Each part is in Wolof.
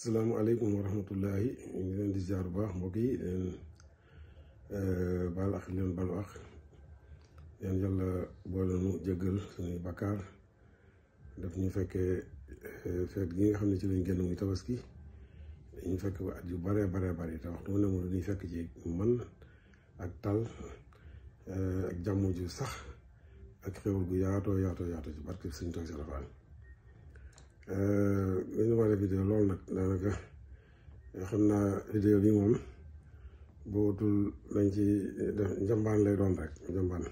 السلام عليكم ورحمة الله إنجلان دي زياربا موكي آه، بالأخ اليوم بالأخ يان جال بولنو جغل سنوي باكار دفني فاك آه، فاك جيني خمني جلين جنو ميتابسكي ين فاك جو باري باري باري تاوخ نونا مولو ني فاك جي من اك تال اك جامو جو سخ اك خيول جو ياتو ياتو ياتو جو باركب سنتو جلوان dañu war a vidéo loolu nag daanaka xam naa vidéo bi moom bootul dañ ci def njambaan lay doon rek njambaan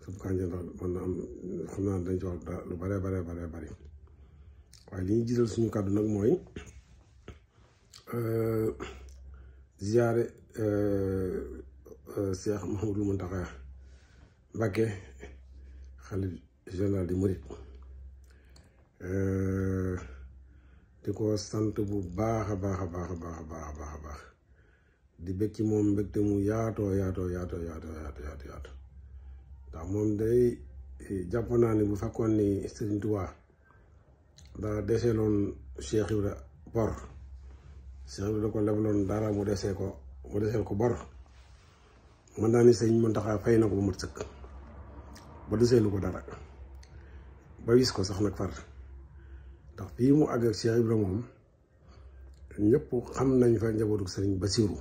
suuf na am lu bare bare bari waaye suñu kàddu nag mooy euh, ziyaare euh, Cheikh Mouhamadou Mountakha Mbacké xalif général di Mouride Euh, di ko sant bu baax a baax a baax a baax a baax a baax di bëgg ci moom mbégte mu yaatoo yaatoo yaatoo yaatoo yaatoo yaatoo yaatoo ndax moom day jàpp naa ni bu fekkoon ni Sëriñ Tuubaa daa deseeloon Cheikh Ibra bor Cheikh Ibra da ko lebloon dara mu desee ko mu deseel ko bor mën naa ni Sëriñ Muntaxa fay na ko ba mat sëkk ba deseelu ko dara ba wis ko sax nag far ndax fii mu àgg ak Cheikh moom ñëpp xam nañ fa njabootu sëriñ Basiru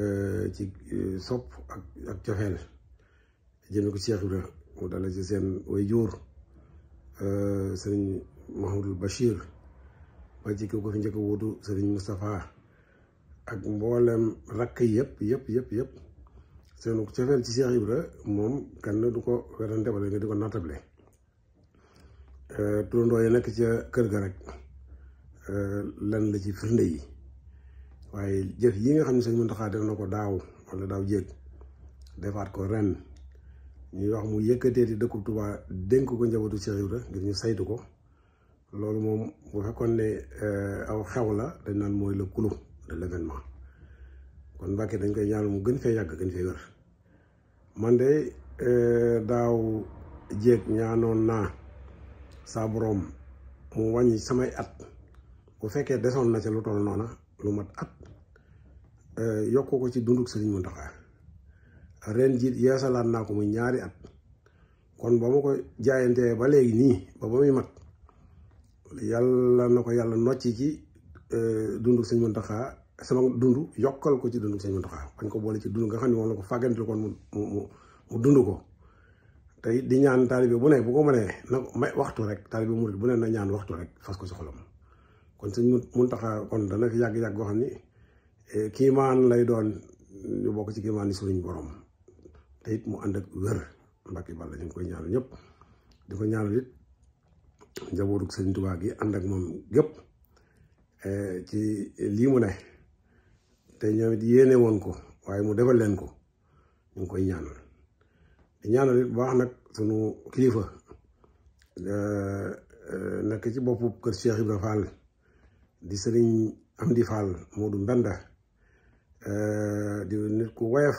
euh, ci euh, sopp ak ak cofeel jëme ko Cheikh Ibra mu dala ci seen way jóor euh, sëriñ Mahamadul Bachir ba ci ko fi njëkk wuutu sëriñ Moustapha ak mboolem rakk yépp yëpp yëpp yëpp seen cofeel ci Cheikh moom kenn du ko werante wala nga di ko nattable Euh, turandoo yi nekk ca kër ga rek euh, lan la ci firnde yi waaye jëf yi nga xam ne sëñ Muntaxa def na ko daaw wala daaw jéeg defaat ko ren ñuy wax mu yëkkateeti dëkku Tuubaa dénk ko njabootu Cheikh Ibra ngir ñu saytu ko loolu moom bu fekkoon ne euh, aw xew la dañ naan mooy le clou de l'événement kon Mbàkke dañ koy ñaan mu gën fee yàgg gën fee wér man de daaw jéeg ñaanoon naa sa borom mu wañi samay at bu fekke deson na ci lu tol nona lu mat at euh, yokko ko ci dunduk serigne Muntaxa ren jit yeesalaat nako mu ñaari at kon ba ko jaayantee ba legi ni ba bamuy mat yalla nako yalla nocci ci ci euh, dunduk serigne Muntaxa sama dundu yokkal ko ci dunduk serigne Muntaxa bañ ko bolé ci dunduk nga xamni won moom la ko kon mu mu dundu ko tey di ñaan taalibe bu ne bu ko manee na may waxtu rek taalibe murid bu ne na ñaan waxtu rek fas ko ci xolam kon sëñ Muntaxa kon dana fi yàgg-yàgg goo xam ni eh, kiimaan lay doon ñu bokk ci kiimaan yi suñu borom te it mu ànd ak wér Mbàkke Balla ñu ngi koy ñaanal ñépp di ko ñaanal it njabootu sëñ Tuubaa gi ànd ak moom gépp eh, ci lii mu ne te ñoom it yéene woon ko waaye mu defal leen ko ñu ngi koy ñaanal ñaanal it bu baax nag sunu kilifa euh, euh, nekk ci boppu kër Cheikh Ibra Fall di sëriñ Amdi Fall Moodu Mbenda euh, di nit ku woyof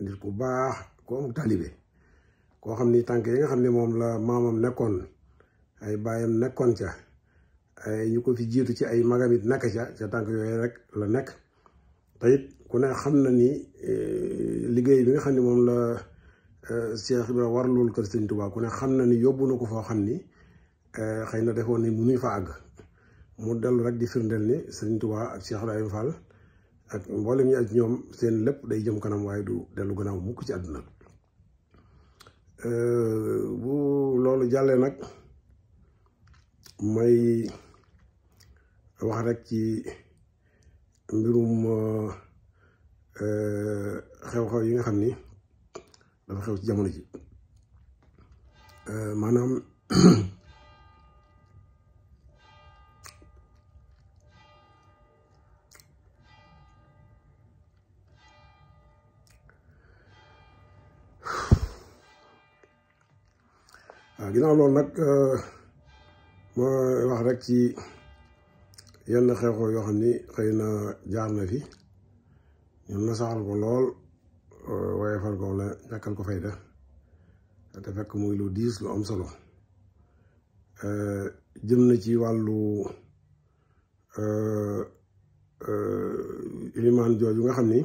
nit ku baax ku am taalibe koo xam ni tànk yi nga xam ne moom la maamam nekkoon ay baayam nekkoon ca ay ñu ko fi jiitu ci ay magam it nekk ca ca tànk yooyu rek la nekk te ku ne xam na ni liggéey bi nga xam ne moom la Cheikh Ibra war loolu kër Sëñ Tuubaa ku ne xam na ni yóbbu na ko foo xam ni eh, xëy na defoon ni munuñ fa àgg mu dellu rek di firndeel ni Sëñ Tuubaa ak Cheikh Ibrahima Fall ak mboole ñi ak ñoom seen lépp day jëm kanam waaye du dellu gannaaw mukk ci àdduna eh, bu loolu jàllee nag may wax rek ci mbirum eh, xew-xew yi nga xam ni dafa xew ci jamono ji euh, maanaam waaw ginnaaw loolu nag euh, ma wax rek ci yenn xew-xew yoo xam ni xëy na jaar na fi ñun na saxal ko lool woyefal ko la nakal ko fayda te fekk muy lu diis lu am solo eh, jëm na ci wàllu eh, eh, limaan jooju nga xam ni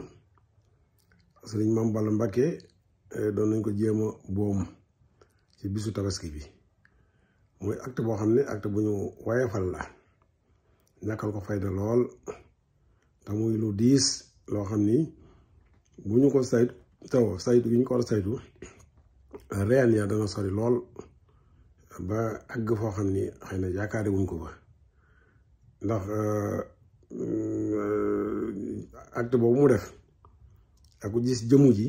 sëriñ Maam Balla Mbàkke do nañ ko jema bom ci bisu tabaski bi moy acte bo xamni acte bu ñu la nakal ko def lol te muy lu diis lo xamni bu ñu ko saytu taw saytu gi ñu ko war a saytu reen ya dana sori lool ba àgg foo xam ni xëy na yaakaar yaakaare wuñ ko fa ndax euh, euh, acte boobu mu def ak gis jëmu ji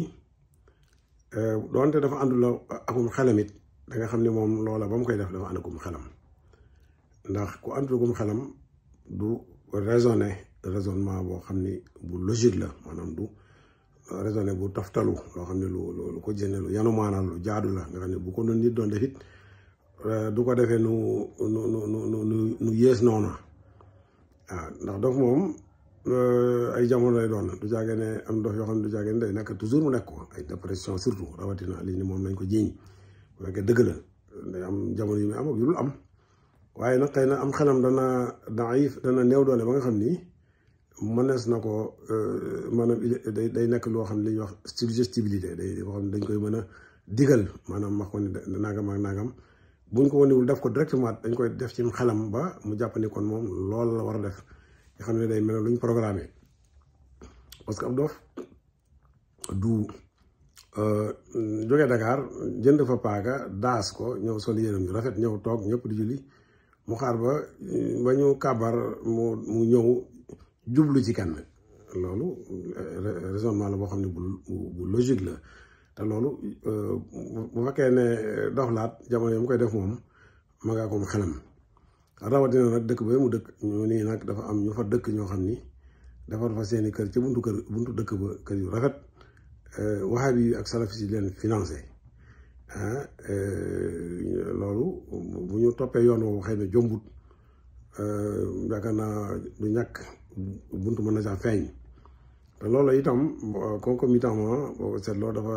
euh, doonte dafa àndul la akum xelam it da nga xam ne moom loola ba mu koy def dafa ànd akum xelam ndax ku àndul akum xelam du raisonné raisonnement boo xam ni bu logique la maanaam du raisonné bu taftalu loo xam ne lu lu ko jënne lu yanu maanaam lu jaadu la nga xam bu ko doon nit doon def euh, du ko defee nu nu yées noonu waaw ndax dof moom euh, ay jamono doon du jaage ne am dof yoo xam ne du jaage day nekk toujours mu nekk ko ay dépression surtout rawatina ni moom nañ ko jiiñ bu fekkee dëgg la day am jamono yu muy am ak yu dul am waaye nag xëy na am xelam dana daif dana néew doole ba nga xam nii mënees na ko euh, man day day nekk loo xam ne ñuy wax suggestibilité day boo dañ koy mën a digal maanaam wax ko ne nangam ak nangam buñ ko wanewul def ko directement dañ koy def ci xelam ba mu jàpp kon moom loolu la war a def nga xam ne day mel luñ programmé parce que ab dof du euh, jóge Dakar jënd fa paaka daas ko ñëw sol yéenam ñu rafet ñëw toog ñëpp di julli mu xaar ba euh, ba ñu mu mu ñëw jublu ci kan loolu euh, raisonnement la boo xam ne bu bu logique la te loolu euh, bu fekkee ne euh, doxlaat jamono yi mu koy def moom magaa ko dëkk mu dëkk ñoo nii nag dafa am ñu fa dëkk ñoo xam ni defar fa seeni kër ci buntu kër buntu dëkk ba kër yu rafet waxaat yi ak salafis yi leen financé ah, loolu bu ñu toppee yoon woowu xëy na jombut yaakaar naa du ñàkk bunt mën na saa feeñ te loolu itam concomitamment boo ko seetloo dafa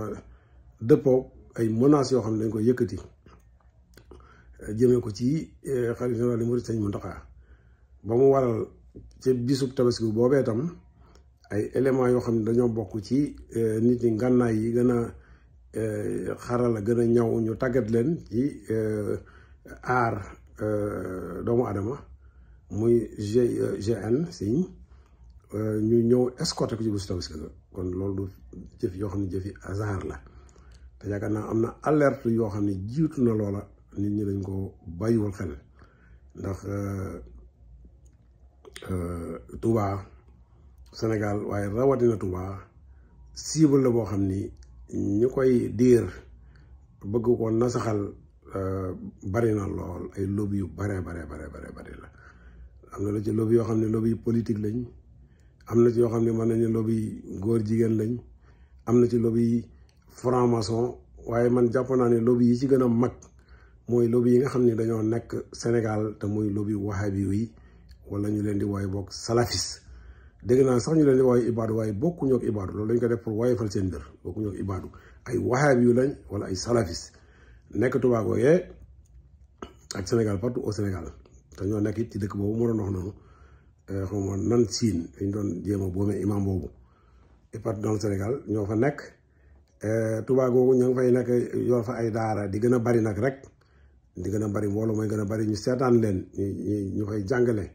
dëppoo ay menaces yoo xam ne dañ ko yëkkati jëmee ko ci eh, xalifa général des mourides mu ndoxa ba mu waral ci bisub tabaski boobee tam ay éléments yoo xam ne dañoo bokk ci eh, nit ñi ngànnaay yi gën a eh, xarala gën a ñaw ñu tàggat leen ci aar doomu adama muy GIGN e, si euh, ñu ñëw escorté ko ci bés tabaski la kon loolu du jëf yoo xam ne jëfi hasard la te yaakaar naa am na alerte yoo xam ne jiitu na loola nit ñi lañ ko bàyyiwul xel ndax euh, euh, Touba Sénégal waaye rawatina Touba cible la boo xam ni ñu koy diir bëgg ko nasaxal bari na lool ay lobby yu bare bare bare bare bari la am na la ci lobby yoo xam ne lobby politique lañ am na ci yoo xam ne mën nañu lobby góor jigéen lañ am na ci lobby franc maçon waaye man jàpp naa ne lobby yi ci gën a mag mooy lobby yi nga xam ne dañoo nekk Sénégal te muy lobby wahabi yi wala ñu leen di wooye bokk salafis dégg naa sax ñu leen di wooye ibaadu waaye bokkuñu ak ibaadu loolu lañ ko def pour waayefal seen mbir bokkuñu ak ibaadu ay wahabi yu lañ wala ay salafis nekk tubaab yooyee ak Sénégal partout au Sénégal te ñoo nekk it ci dëkk boobu moo doon wax noonu eh, xaw ma nan siin dañ doon jéem a boome imam boobu parti Sénégal ñoo fa nekk eh, Touba googu ña ngi fay nekk yor fa ay daara di gën a bari nag rek di gën a bari mbooloo mooy gën a bari ñu seetaan leen ñu ñu fay jàngale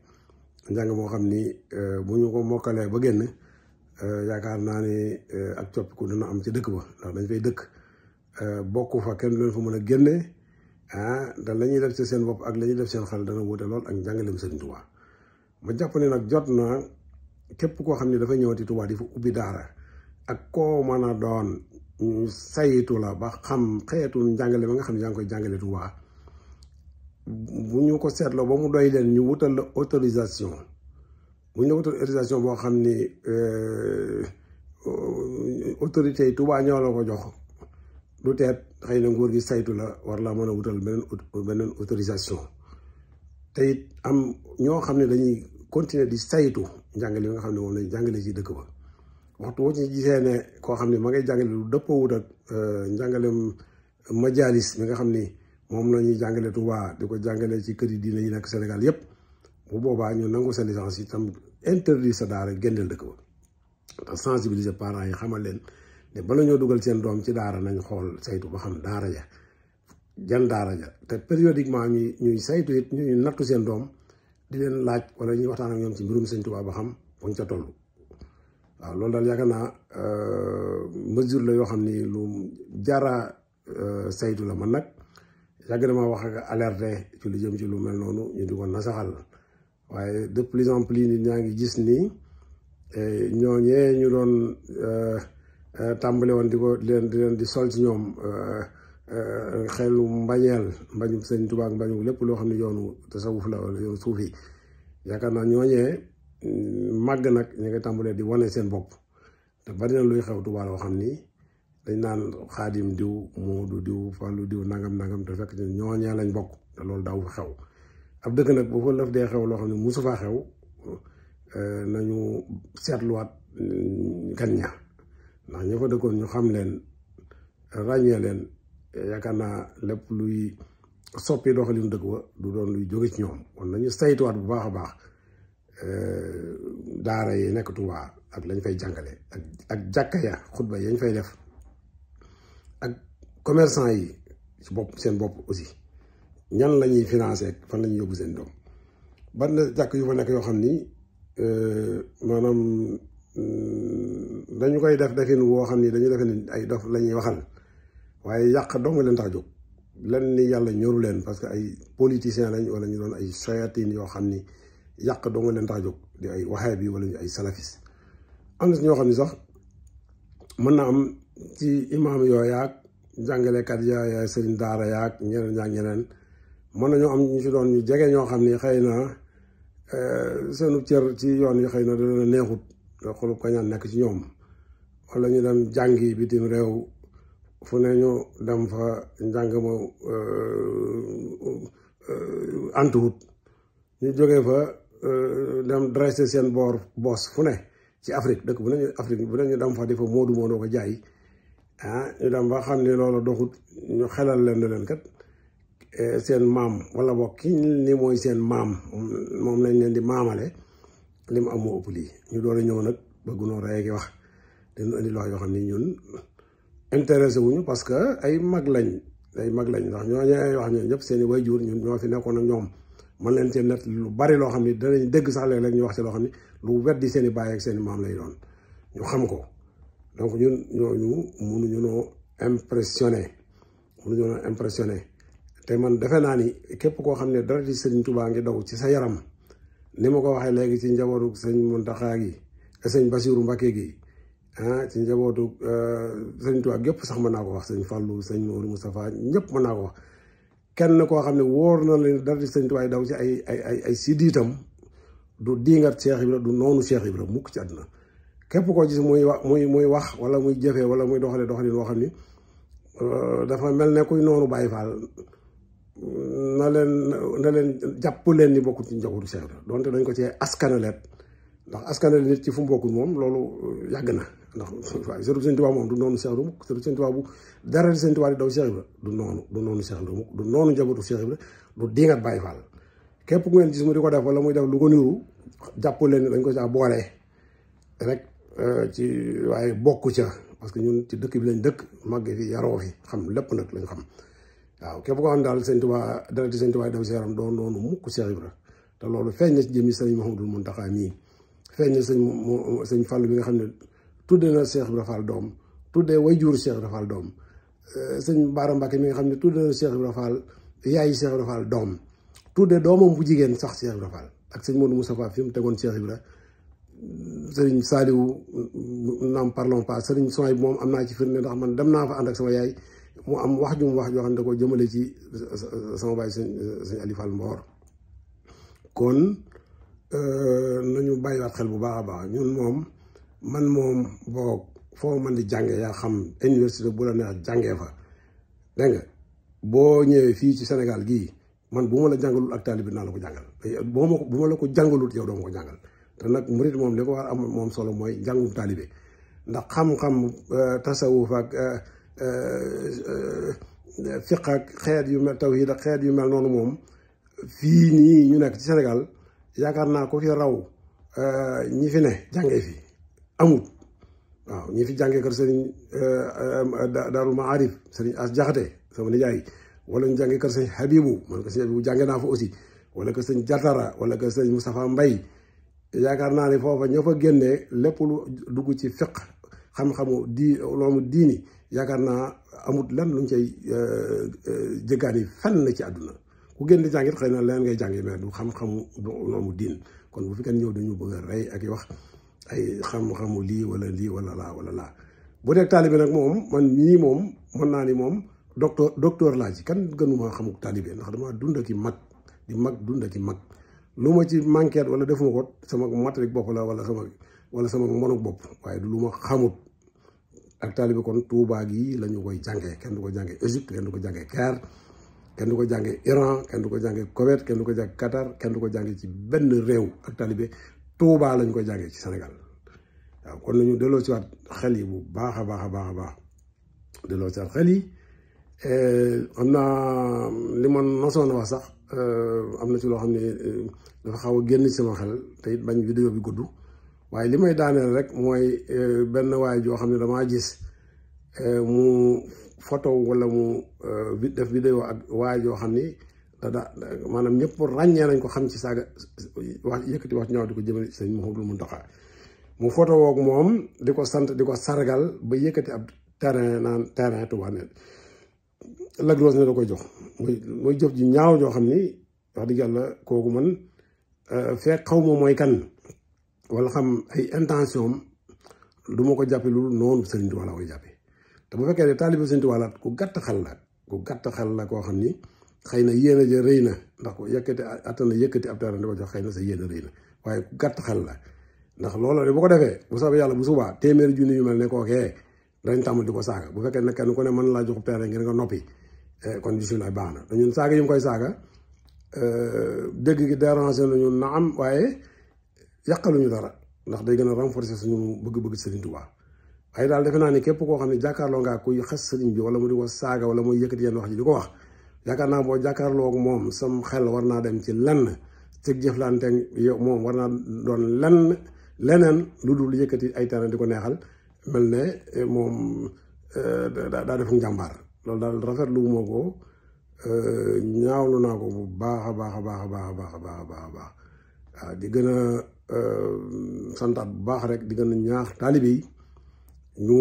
njàng moo xam ni eh, bu ñu ko mokkalee ba génn yaakaar naa ni ak coppiku dina am ci dëkk ba ndax dañ fay dëkk bokku fa kenn leen fa mën a génnee ah da la ñuy def ci seen bopp ak la ñuy def seen xel dana wuute lool ak njàngaleem Sëriñ Tuubaa ma jàpp ne nag jot na képp koo xam ne dafa ñëwati Tuubaa di fa ubbi daara ak koo mën a doon la ba xam xeetu njàngale ba nga xam ne yaa koy jàngale Tuubaa bu ñu ko seetloo ba mu doy leen ñu wutal la autorisation bu ñu la wutal autorisation boo xam ni euh, autorité yi Tuubaa ñoo la ko jox du teet xëy na nguur gi saytu la war laa mën a wutal beneen beneen autorisation tey am ñoo xam ne dañuy continuer di saytu njàngale yi nga xam ne moom lañ jàngale ci dëkk ba waxtu woo ci gisee koo xam ne ma ngay jàngale lu dëppoo wut ak euh, njàngalem majalis mi nga xam ni moom lañuy jàngaleetu waa di ko jàngale ci kër yi diine yi nekk Sénégal yépp bu boobaa ñu nangu sa yi tam interdit sa daara génneel dëkk ba te sensibiliser parents yi xamal leen te bala ñoo dugal seen doom ci daara nañ xool saytu ba xam daara ja jan daara ja te périodiquement ñuy saytu it ñuy nattu seen doom di leen laaj wala ñuy waxtaan ak ñoom ci mbirum sëñ Tuubaa ba xam buñ ca toll. waaw loolu daal yaakaar naa euh, yoo xam ni lu jara euh, la man nag yàgg ma wax ak alerté ci lu jëm noonu ñu di ko waaye de plus en plus nit ñaa ngi gis nii eh, ñooñee ñu doon. Euh, Euh, tàmbale woon di ko leen di leen di sol ci ñoom euh, euh, xelu mbañeel mbañum sëñ Tuubaa ak mbañu lépp loo xam ne yoonu te tasawuf la wala yoonu suufi yaakaar naa ñooñee mm, màgg nag ñu ngi tàmbalee di wane seen bopp te bari luy xew Tuubaa loo xam ni dañ naan xaadim diw moodu diw fàllu diw nangam nangam te fekk ñooñee lañ bokk te loolu daaw xew ab dëkk nag bu fa lëf dee xew loo xam ne musu faa xew nañu seetluwaat kan mm, ña ndax ñi ko dëkkoon ñu xam leen ràññee leen yaakaar naa lépp luy soppi doxalin dëkk ba du doon luy jóge ci ñoom kon nañu saytuwaat bu baax a baax eh, daara yi nekk Tuubaa ak lañ fay jàngale ak ak jàkka ya xutba yañ fay def ak commerçant yi ci bopp seen bopp aussi ñan la ñuy financé fan la ñuy yóbbu seen doom ban na jàkk yu fa nekk yoo xam ni eh, maanaam dañu koy def defin woo xam ni dañu defe ne ay dof la ñuy waxal waaye yàq dong leen tax jóg len ni yàlla ñoru leen parce que ay politiciens lañ wala ñu doon ay sayatin yoo xam ni yàq dong leen tax jóg di ay waxee bi wala ñu ay salafis am na si ñoo xam ni sax mën na am ci imaam yooyaag jàngalekat yooyaag sëriñ daara yaag ñeneen ñaag ñeneen mën nañoo am ñu ci doon ñu jege ñoo xam ni xëy na eh, seenu cër ci yoon yi xëy na dana neexut yoo xolub kañaan nekk ci ñoom walla ñu dem jàngi bitim réew fu ne ñu dem fa njàng ma euh, euh, antuwut ñu jóge fa euh, dem dressé seen boor boos fu ne ci Afrique dëkk bu ne ñu Afrique bu ne ñu dem fa di fa moodu moodoo ko jaay ah, ñu dem ba xam ne loolu doxut ñu xelal leen ne leen kat eh, seen maam walla boog ki ni mooy seen maam moom lañ leen di maamale li mu amoo moo ëpp lii ñu door la ñëw nag ba gunóor rey gi wax dañu indi loo yoo xam ni ñun intéressé wuñu parce que ay mag lañ ay mag lañ ndax ñooñu ay yoo ñoom ñëpp seen i way jur ñu ñoo fi nekkoon ak ñoom man leen cee net lu bari xam ni danañ dégg sax léeg-léeg wax ci loo xam ni lu weddi seen i baay seen maam lay doon ñu xam ko donc ñun ñooñu mënuñu noo impressionné mënuñu noo impressionné te man defe naa ni képp koo xam ne dara di Serigne Touba ngi daw ci sa yaram. ni ma ko waxee léegi ci njabootu sëñ Muntaxa gi sëñ Basiiru Mbakke gi ah ci njabootu eh, sëñ Tuubaa gépp sax mën naa ko wax sëñ Fàllu sëñ Moodu Mustafaa ñëpp mën naa ko wax kenn koo xam ne wóor na leen dara di sëñ Tuubaa daw ci ay ay ay ay sidiitam du diingat Cheikh Ibra du noonu Cheikh Ibra mukk ci àdduna képp koo gis muy wax muy muy wax wala muy jëfee wala muy doxalee doxalin woo xam ni eh, dafa mel ne kuy noonu Baay Faal na leen na leen jàpp leen ni bokkul ci njabootu Cheikh donte dañ ko cee askanaleet ndax askanale ci fu mu moom loolu yàgg na ndax waaye sëriñ Sëriñ Tuubaa moom du noonu Cheikh Ibra mukk bu dara Sëriñ Tuubaa di daw Cheikh du noonu du noonu Cheikh Ibra mukk du noonu njabootu Cheikh Ibra du diingat Baay Faal képp ku ngeen gis di ko def wala muy lu ko niru jàpp leen ni dañ ko caa boolee euh, ci waaye bokku ca parce que ñun ci dëkk bi lañ dëkk màgg fi yaroo fi xam lépp nag lañ xam waaw képp ko am daal sëñ Tuubaa dara di sëñ Tuubaa def si yaram doon noonu mukk Cheikh Ibra te loolu feeñ na ci jëmmi sëñ Mouhamadou Mountakha mii feeñ na sëñ sëñ Fall bi nga xam ne tuddee na Cheikh Ibra Fall doom tuddee way juur Cheikh Ibra Fall doom sëñ Baara Mbàkke mi nga xam ne tuddee na Cheikh euh, Ibra Fall yaayi doom tuddee doomam bu jigéen sax Cheikh Ibra ak sëñ Modou Moustapha fi mu tegoon Cheikh Ibra sëriñ Saliou n'en parlons pas sëriñ Soy moom am naa ci firnde ndax man dem naa fa ànd ak sama yaay mu am wax ju mu wax joo xam ne da ko jëmale ci sama baay sëñ sëñ Aliou kon euh, nañu bàyyiwaat xel bu baax a baax ñun moom man moom boo foo man di jànge yaa xam université bu la neex jàngee fa dégg nga boo ñëwee fii ci Sénégal gii man bu ma la jàngalul ak taalibi naa la ko jàngal eh, boo ma ko bu ma la ko jàngalut yow doo ko jàngal te nag murit moom li ko war am moom solo mooy jàngum taalibe ndax xam-xam euh, tasawuf ak euh, Euh, euh, fiq ak xeet yu mel tawhid ak xeet yu mel noonu moom fii nii ñu nekk ci Sénégal yaakaar naa ko fi raw euh, ñi fi ne jànge fi amut waaw ñi fi jàngee kër sëriñ Daaru Maarif sëriñ As Jaxate sama nijaay wala ñu jàngee kër sëñ Habibu man ko sëñ Habibu jànge naa fa aussi wala kër sëñ Jatara wala kër sëñ Moustapha Mbay yaakaar naa ne foofa ñoo fa génne lépp lu dugg ci fiq xam-xamu di loomu diini yaakaar naa amut lan luñ cay euh, euh, jëggaan yi na ci àdduna ku génn di jàngit xëy na leneen ngay jàngi mais du xam-xamu loomu diin kon bu fi kenn ñëw dañu bëgg a rey ak yi wax ay xam-xamu lii wala lii wala laa wala laa bu dee taalibe nag moom man ñii moom mën naa ni moom docteur docteur laa ci kan gënuma xamuk taalibe ndax dama dund ki mag di mag dund ki mag lu ma ci manqué wala defuma ko sama mat rek bopp la wala sama wala sama mën bopp waaye du lu ma xamut ak taalibi kon Touba gi lañu koy jàngee kenn du ko jàngee Égypte kenn du ko jàngee Caire kenn du ko jàngee Iran ko jàngee Koweït du ko jàngee Qatar kenn ko jàngee ci benn réew ak taalibi Touba lañ koy jàngee ci Sénégal waaw kon nañu delloo ci waat xel yi bu baax a baax a baax a baax delloo ci waat xel yi xam eh, naa li ma nosoon wax sax eh, am na ci loo xam ne eh, dafa xaw a génn ci sama xel te it bañ vidéo bi gudd waaye li may daaneel rek mooy euh, benn waay joo xam ne damaa gis euh, mu photo wala mu euh, def vidéo ak waaye joo xam ni dada maanaam ñëpp ràññee nañ ko xam ci saaga wax yëkkati wax ñaaw di ko jëmale sëñ Mouhamadou Mountakha mu photo woog moom di ko sant di ko sargal ba yëkkati ab terrain naan terrain Touba ne Lac Rose ne da koy jox muy jëf ji ñaaw joo xam ni wax dëgg yàlla kooku man fekk xaw ma mooy kan wala xam ay intention am du ma ko jàppe loolu noonu Sëriñ Tuubaa la koy jàppe te bu fekkee ne taalibe Sëriñ Tuubaa la ku gàtt ku gàtt xel la koo xam ni xëy na yéen a ja na ndax ko yëkkati attan na yëkkati ab taara di ko jox xëy na sa yéen a waaye ku gàtt xel la ndax loolu de boo ko defee bu soobee yàlla bu subaa téeméeri junni yu mel ne kookee dañ tàmm di ko saaga bu fekkee ne kenn ku ne mën laa jox terrain ngir nga noppi eh, kon bisimilah baax na ñun saaga yi mu koy saaga eh, dëgg gi déranger nañu na am waaye yàqaluñu dara ndax day gëna renforcer suñu bëgg-bëgg Serigne Touba ay daal defena ni képp ko xamni jakarlo nga ngaa kuy xass Serigne bi wala mu di wax saga wala mu yëkëti yeen wax ji diko wax yakarna bo jakarlo ak mom sam xel warna dem ci lenn ci jëflanté mom warna don naa doon lenn leneen lu dul ay tànn diko ko neexal mel ne eh, eh, da def defu lol dal rafet lu moko euh ñaawlu nako bu baaxa baaxa baaxa baaxa baaxa baaxa baaxa ah, di gëna Ehm, santaat bu baax rek di gën a ñaax taalibe yi ñu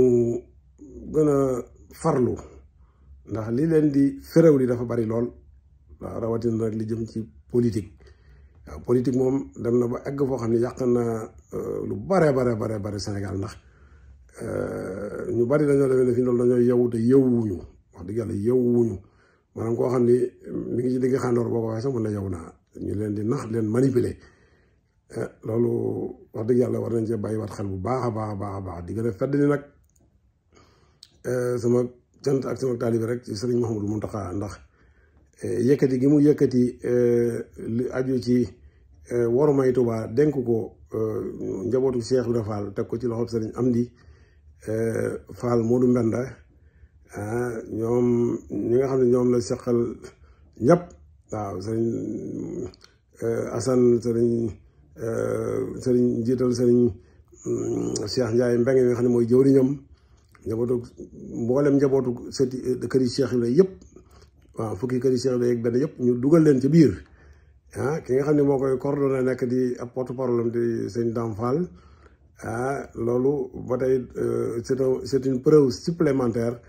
gën a farlu ndax li leen di féréw li dafa bari lool waaw rawatin nag li jëm ci politique waaw politique moom dem na ba egg foo xam ne yàq na euh, lu bare bare bare bare Sénégal ndax euh, ñu bari dañoo demee ne fi loolu dañoo yeewu te yeewuñu wax dëgg yàlla yeewuñu maanaam koo xam ni mi ngi ci digg xàndoor boo ko waxee sax mun na yeewu naa ñu leen di nax leen manipuler Eh, loolu wax dëgg yàlla war nañ see bàyyi wat xel bu baax a baax a baax di gën fedd ni nag eh, sama cant ak sama taalibe rek ci sëriñ Mouhamadou Mountakha ndax eh, yëkkati gi mu yëkkati li aju ci wormay Tuubaa dénk ko njabootu Cheikh Ibra Fall teg ko ci loxob sëriñ Amdi Fall Modou Mbenda ah, ñoom ñi nga xam ne ñoom la seqal ñëpp waaw sëriñ Assane sëriñ Euh, sëriñ jiital sëriñ mm, Cheikh Ndiaye Mbengue nga xam ne mooy jëwriñam njabootu mboolem njabootu sëti eh, këri Cheikh Ibrahima yëpp waaw fukki këri Cheikh Ibrahima yeeg yëpp ñu dugal leen ci biir ah ki nga xam ne moo koy coordonné nekk di ab porte parole di sëñ Dame ah loolu ba tey euh, c'est un c'est une preuve supplémentaire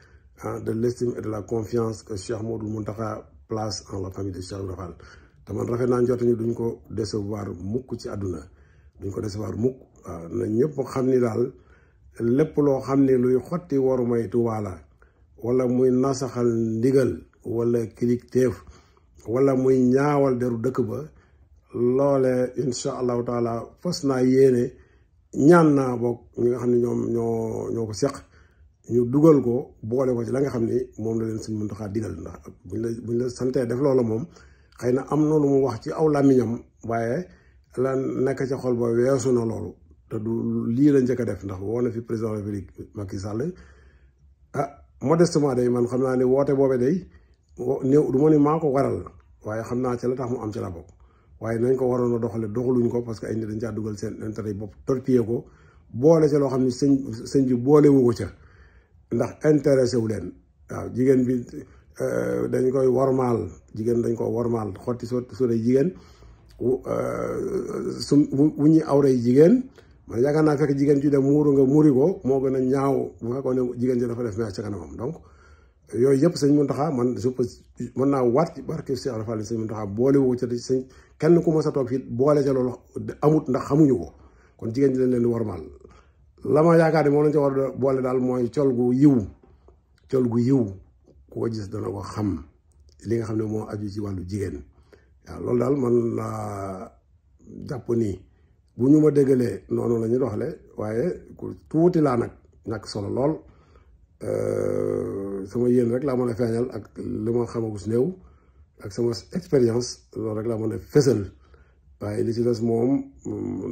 ah, de l'estime et de la confiance que Cheikh Modou Mountakha place en la famille de Cheikh Ibrahima te man rafet naa njort ni duñ ko décevoir mukk ci àdduna duñ ko décevoir mukk waaw na ñëpp xam ni daal lépp loo xam ni luy xotti waru may Tuubaa wala muy nasaxal ndigal wala kilifteef wala muy ñaawal deru dëkk ba loole incha allahu taala fas naa yéene ñaan naa boog ñi nga xam ne ñoom ñoo ñoo ko seq ñu dugal ko boole ko ci la nga xam ni moom la leen suñ mun taxaa digal ndax buñ la buñ la santee def loola moom xëy na am na lu mu wax ci aw làmmiñam waaye la nekk ca xol ba weesu na loolu te du lii la njëkk def ndax woo na fi président de la République a Sall ah modestement day man xam naa ne woote boobe day néew du ma ne maa ko waral waaye xam naa ci la tax mu am ci laa bokk waaye nañ ko waroon a doxale doxaluñ ko parce que ay nit dañ caa dugal seen intérêt bopp torpiller ko boole ca loo xam ne sëñ sëñ bi boolewu ca ndax intéressé wu leen waaw jigéen bi Euh, dañ koy wormaal jigéen dañ ko wormaal xotti so suray jigéen euh, su wu ñu awray jigéen man yaakaar naa fekk jigéen ju dem muuru nga muuri ko moo gën a ñaaw bu fekkoon ne jigéen ji dafa def mees ci kanamam donc yooyu yëpp sëñ Muntaxa man je mën naa waat ci barke Cheikh Ibra Fall sëñ Muntaxa sëñ kenn ku mës a toog fii boole ca loolu ndax xamuñu ko kon jigéen ji dañ leen di wormaal la ma yaakaar ne moom lañ ca war a boole daal mooy col gu yiw col gu yiw koo gis dana ko xam li nga xam ne moo aju ci wàllu jigéen waaw loolu daal man laa jàpp nii bu ñu ma déggalee noonu la ñu doxale waaye ku tuuti laa nag ñàkk solo lool euh, sama yéen rek laa mën a feeñal ak li ma xamagus néew ak sama expérience loolu rek laa mën a fësal waaye li ci des moom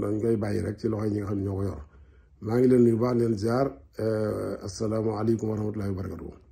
dañ mm, koy bàyyi rek ci loxo yi ñi nga xam ñoo ko yor maa ngi leen nuyu baax leen ziar euh, asalaamaaleykum wa rahmatullahi wa barakatuh